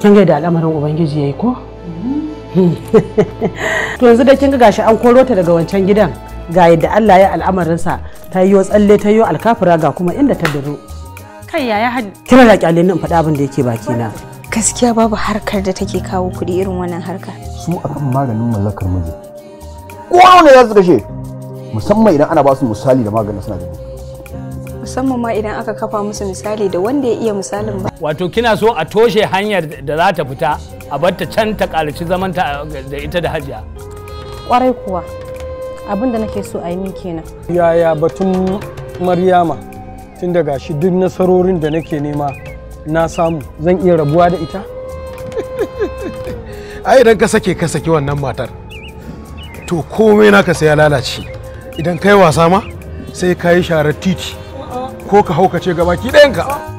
kin ga da al'amarin ubangiji yayi ko hmm. to yanzu da kin ga gashi an koro ta daga wancan gidan ga yadda Allah ya al'amarinsa ta yi tsalle ta yi alkafura, ga kuma inda ta daru. kai yaya had kina da kyalin nan faɗa abin da yake baki na gaskiya babu harkar da take kawo kuɗi irin wannan harka su akan maganin mallakar miji ko ne ya kashe musamman idan ana ba su misali da maganin suna da musamman ma idan aka kafa musu misali da wanda ya iya misalin ba wato kina so a toshe hanyar da za ta fita a batta can ta kalaci zaman ta da ita da hajiya kwarai kuwa abin da nake so a yi min kenan yaya batun maryama tun daga shi duk nasarorin da nake nema na samu zan iya rabuwa da ita ai idan ka sake ka saki wannan matar to komai naka sai ya lalace idan kai wasa ma sai ka yi sharar titi ko ka hau haukace gabaki ɗayanka.